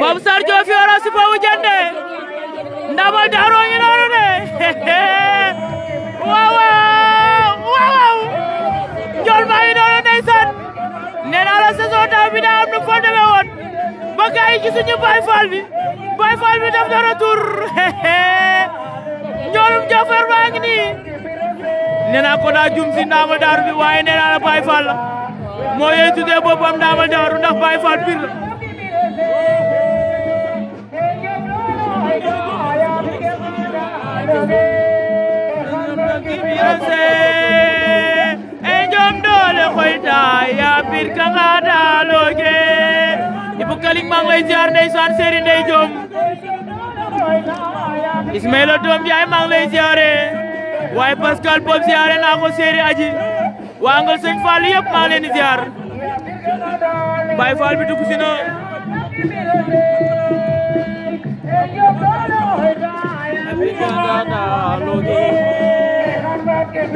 Babou Sarr Diofi wara si Fawou Diende ndamal Daaru ngi noonu de waaw waaw waaw njool maa ngi noonu ndeysaan nee naa la saison daaw bi daa am nu foo demee woon yi gisuñu Baye Fall bi Baye bi def na retour njoolum Jofer maa ngi nii ko daa ndamal Daaru bi waaye nee la Baye la moo yey tuddee boppam ndamal Daaru ndax Baye Fall la kaling maa ngi lay ziar ndeysaan Serigne Ndeye Diom Ismaïla Doom Ndiaye maa ngi lay ziare waaye Pascal Bob ziare naa ko Serigne Aji waa Angle Sëñ Fall yëpp maa ngi leen di ziar bi dugg si na Sika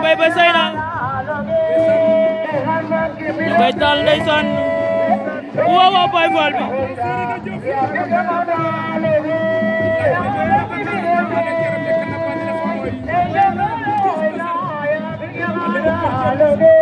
Mbaye ba say na ñu koy taal ndeysaan waaw waaw Baye Fall bi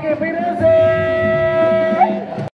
que merece.